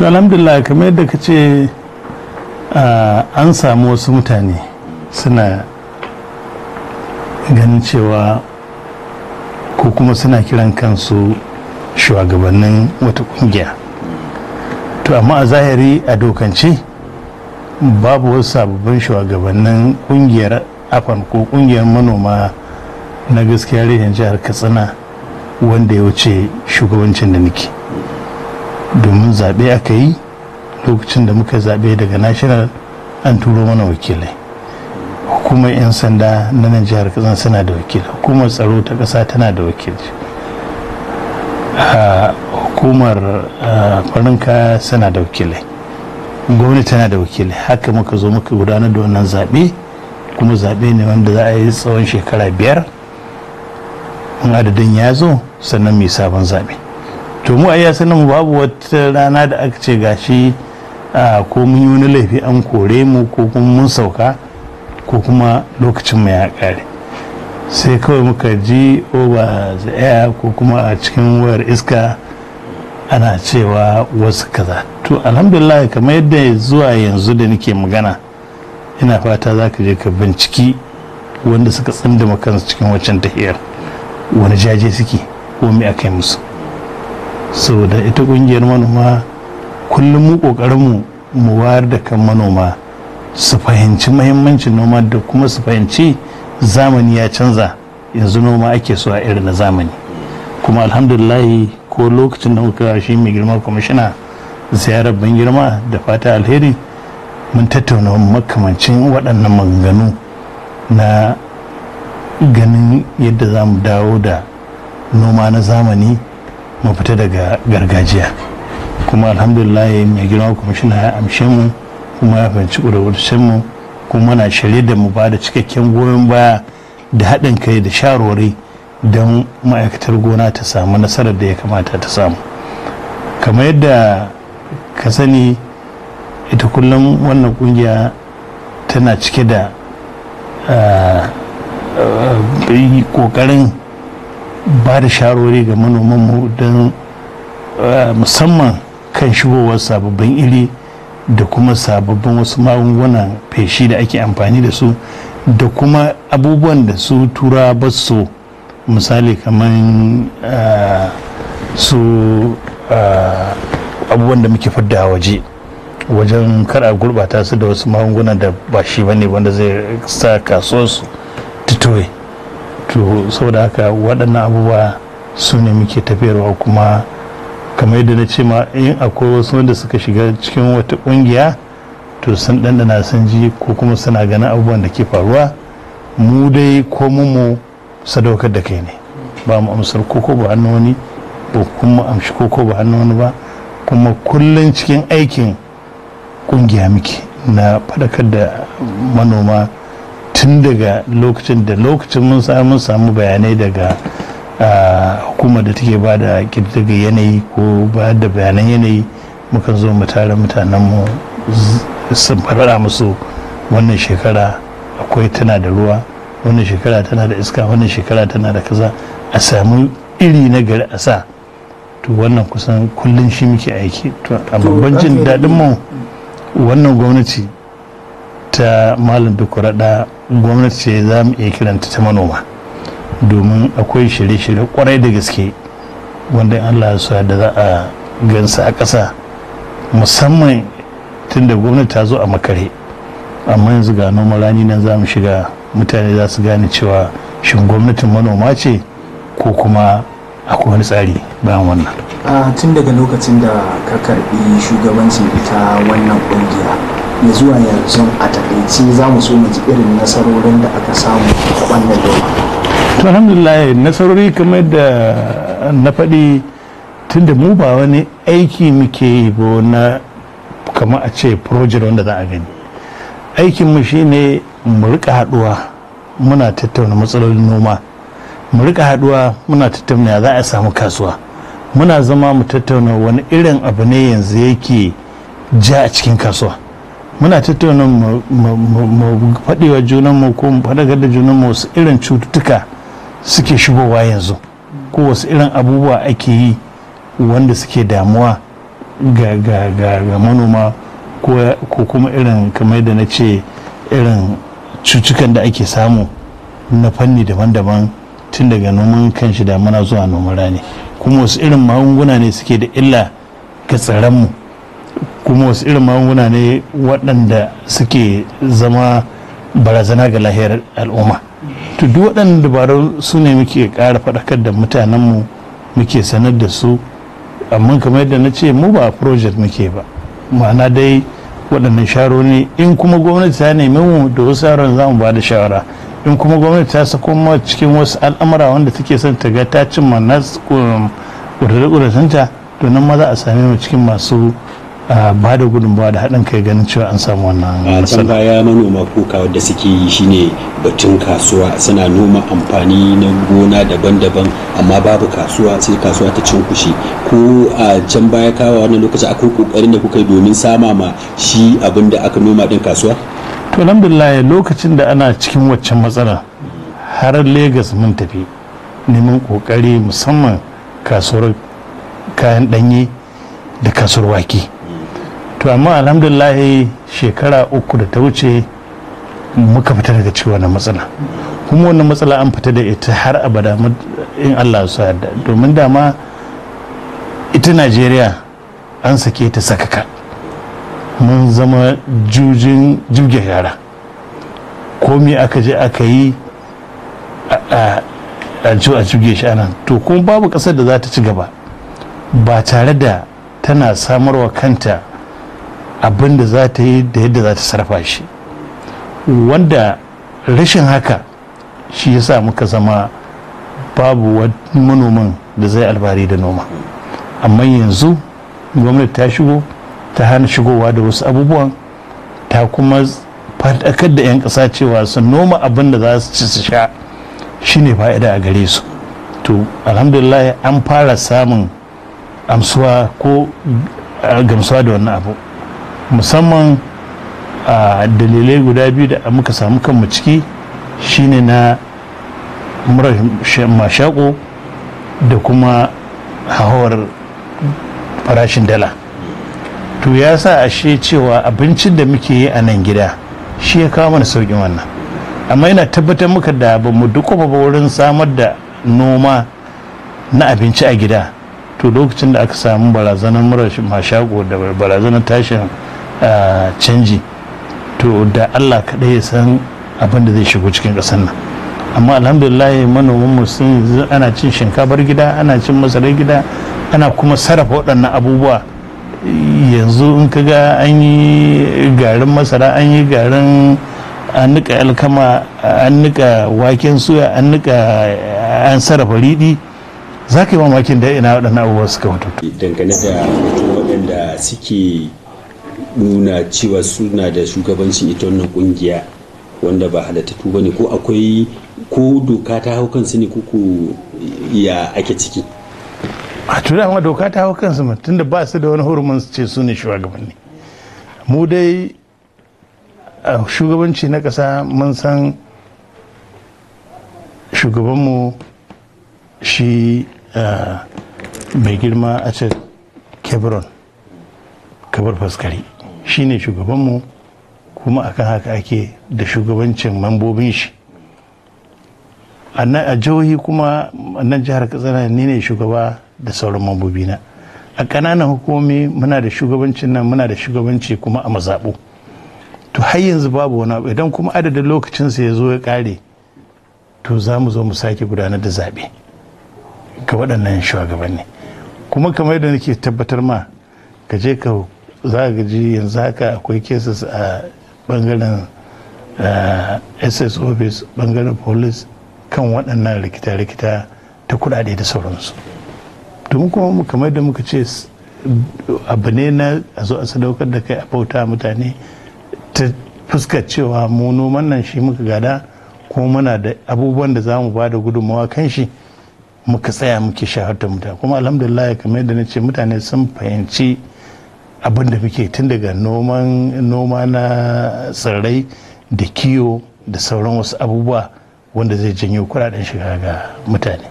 to alhamdulillah kamar yadda ka ce an samu wasu mutane suna ganin cewa ko kuma suna kiran kansu shugabannin wata kungiya to amma a zahiri a dokance babu wasu sababbin shugabannin kungiyar afan ko kungiyar manoma na gaskiya rehin jihar katsina wanda ya wuce shugabancin da nake domin zaɓe aka yi lokacin da muka zaɓe daga national an turo mana wakilai hukumar 'yan sanda na nan jihar kazan suna da wakil hukumar tsaro ta ƙasa tana da wakil ah, hukumar ah, farin kaya suna da wakilai gwamnati tana da wakilai haka muka zo muka gudanar da wannan zaɓe kuma zaɓe ne wanda za a yi tsawon shekara biyar in adadin ya zo sannan mai sabon zaɓe to mu ayya sanin mu babu wata rana da aka ce gashi ko mun yi wani laifi an kore mu ko kuma mun sauka ko kuma lokacin mu ya sai kawai muka ji over the air ko kuma a cikin wayar iska ana cewa wasu kaza to alhamdulillah kamar yadda zuwa yanzu da nake magana ina fata za ka je ka binciki wanda suka tsindama kansu cikin waccan tahiyar wani jaje suke ko me aka yi musu saboda ita kungiyar manoma kullum mu kokarin mu wayar da kan manoma su fahimci mahimmancin noma da kuma su fahimci zamani ya canza yanzu noma ake so a irin na zamani kuma alhamdulillahi ko lokacin da muka shi mai girma kwamishina ziyarar ban girma da fata alheri mun tattauna makamancin waɗannan maganganu na ganin yadda za mu dawo da noma na zamani mu fita daga gargajiya kuma alhamdulillah mai girma kwamishina ya amshe mu kuma ya fahimci ƙudurwurcin mu kuma na shirye da mu ba da cikakken goyon baya da haɗin kai da shawarwari don ma'aikatar gona ta samu nasarar da ya kamata ta samu kamar yadda ka sani ita kullum wannan ƙungiya tana cike da ah, ah, ƙoƙarin ba da sharori ga manomanmu don eh, musamman kan shigowa sababbin iri da kuma sababbin wasu magungunan feshi da ake amfani da su da kuma abubuwan da su tura ba eh, su misali kamar su abubuwan da muke fidda waje wajen kar a gurbata su da wasu magungunan da ba shi bane wanda zai sa kasuwarsu tutoye to saboda haka waɗannan abubuwa su ne muke tafiyarwa kuma kamar yadda na ce ma in akwai wasu wanda suka shiga cikin wata ƙungiya to sun ɗanɗana sun ji ko kuma suna ganin abubuwan da ke faruwa mu dai ko mu sadaukar da kai ne ba mu amsar koko ba hannu wani ba kuma amshi koko ba hannu wani ba kuma kullum cikin aikin ƙungiya muke na faɗakar da manoma tun daga lokacin da lokacin mun samu samu bayanai daga ah, hukumar da take ba da yanayi ko ba da bayanan yanayi muka zo mu tara mutanenmu sun farara musu wannan shekara akwai tana da ruwa wannan shekara tana da iska wannan shekara tana da kaza a samu iri na gari a sa to wannan kusan kullum shi muke aiki to a babban jin daɗin mu wannan gwamnati ita malam dukuraɗa gwamnati ce za mu iya kiranta ta manoma domin akwai shirye-shirye kwarai da gaske wanda allah su da za a gansa a ƙasa musamman tun da gwamnati ta zo a makare amma yanzu ga noma rani nan za mu shiga mutane za su gane cewa shin gwamnatin manoma ce ko kuma akwai wani tsari bayan wannan tun daga lokacin da ka karbi shugabancin ita wannan kungiya ya zuwa yanzu takaici za mu so mu ji irin nasarorin da aka samu a wannan lokaci. to alhamdulillah nasarori kamar da na faɗi tunda mu ba wani aiki muke yi ba na kama a ce project wanda za a gani mu shine mu rika haɗuwa muna tattauna matsalolin noma mu rika haɗuwa muna tattauna za a samu kasuwa muna zama mu tattauna wani irin abu ne yanzu yake ja a cikin kasuwa muna tattauna mu faɗewa junanmu ko mu faɗakar da junanmu wasu irin cututtuka suke shigowa yanzu ko wasu irin abubuwa ake yi wanda suke damuwa ga manoma ko kuma irin kamar da na ce irin cucukan da ake samu na fanni daban-daban tun daga noman kanshi da muna zuwa noman rani kuma wasu irin magunguna ne suke da illa ga tsaronmu kuma wasu irin magunguna ne waɗanda suke zama barazana ga lahiyar al'umma to duk waɗanda dabarun su ne muke ƙara faɗakar da mutanenmu muke sanar da su amma kamar yadda na ce mu ba a project muke ba ma'ana dai waɗannan sharo ne in kuma gwamnati ta nemi mu da wasu yaran za mu ba da shawara in kuma gwamnati ta sako ma cikin wasu al'amura wanda take son ta ga ta cimma nasu ƙudurƙudurtanta to nan ma za a same mu cikin masu ba da gudunmawa da haɗin kai ganin cewa an samu wannan a can baya manoma kuka wadda suke yi shine batun kasuwa suna noma amfani na gona daban-daban amma babu kasuwa sai kasuwa ta cin kushi ko a can baya kawo wannan lokaci akwai kokarin da kuka yi domin sama ma shi abin da aka noma din kasuwa to alhamdulillah lokacin da ana cikin waccan matsala har Legas mun tafi neman kokari musamman kasuwar kayan ɗanye da kasuwar wake to amma alhamdulahi shekara uku da ta wuce muka fita daga cewa wannan matsala kuma wannan matsala an fita da ita har abada in allah su yarda domin dama ita najeriya an sake ta sakaka mun zama jujin jirgin yara komi aka je aka yi a a jirgin shi to kuma babu kasar da za ta ci gaba ba tare da tana samarwa kanta abinda da za ta yi da yadda za ta sarrafa shi wanda rashin haka shi ya sa muka zama babu wani manoman da zai albari da noma amma yanzu gwamnati ta shigo ta hana shigowa da wasu abubuwan ta kuma faɗakar da 'yan ƙasa cewa su noma abin da za su ci su sha shine fa'ida a gare su to alhamdulillah an fara samun amsuwa ko gamsuwa da wannan abu musamman a dalilai guda biyu da muka samu kanmu ciki shine na murar mashako da kuma hawar farashin dala to ya sa ashe cewa abincin da muke yi a nan gida shi ya kawo mana sauƙin wannan amma yana tabbatar muka da ba mu duk ba wurin samar da noma na abinci a gida to lokacin da aka samu barazanar murar mashako da barazanar tashin canji to da allah kaɗai ya san abin da zai shigo cikin ƙasar nan amma alhamdulillah manoman mu sun ana cin shinkafar gida ana cin masarar gida ana kuma sarrafa waɗannan abubuwa yanzu in ka ga an yi garin masara an yi garin an nika alkama an nika waken suya an nika an sarrafa riɗi za ka yi mamakin da ina waɗannan abubuwa suka mutu dangane da waɗanda suke nuna cewa suna da shugabancin ita wannan kungiya wanda ba halattatu ba ne ko akwai ko doka ta hau kansu ne ko ya ake ciki a tura ma doka ta hau kansu ma tunda ba su da wani hurumin su ce su ne shugabanni mu dai a shugabanci na ƙasa mun san shugabanmu shi mai girma a ce kebron kabar faskari shine shugabanmu kuma akan haka ake da shugabancin mambobin shi a jihohi kuma nan jihar katsina ne ne shugaba da sauran mambobi na a ƙananan hukumomi muna da shugabancin nan muna da shugabanci kuma a mazaɓu to har yanzu babu wani abu idan kuma adadin lokacinsa ya zo ya ƙare to za mu zo mu sake gudanar da zaɓe ga waɗannan shugabanni kuma kamar yadda nake tabbatar ma ka je ka za ka ji yanzu haka akwai cases a bangaren ss eh, office bangaren police kan waɗannan rikita-rikita ta kudade da sauransu domin kuma kamar da muka ce abu ne na a zo a sadaukar da kai a bauta mutane ta fuskar cewa mu noman nan shi muka gada kuma muna da abubuwan da za mu ba da gudunmawa kan shi muka tsaya muke shaharta mutane kuma alhamdulillah kamar da na ce mutane sun fahimci abin da muke tun daga noma na tsirrai da kiwo da sauran wasu abubuwa wanda zai janyo kuɗaɗen shiga ga mutane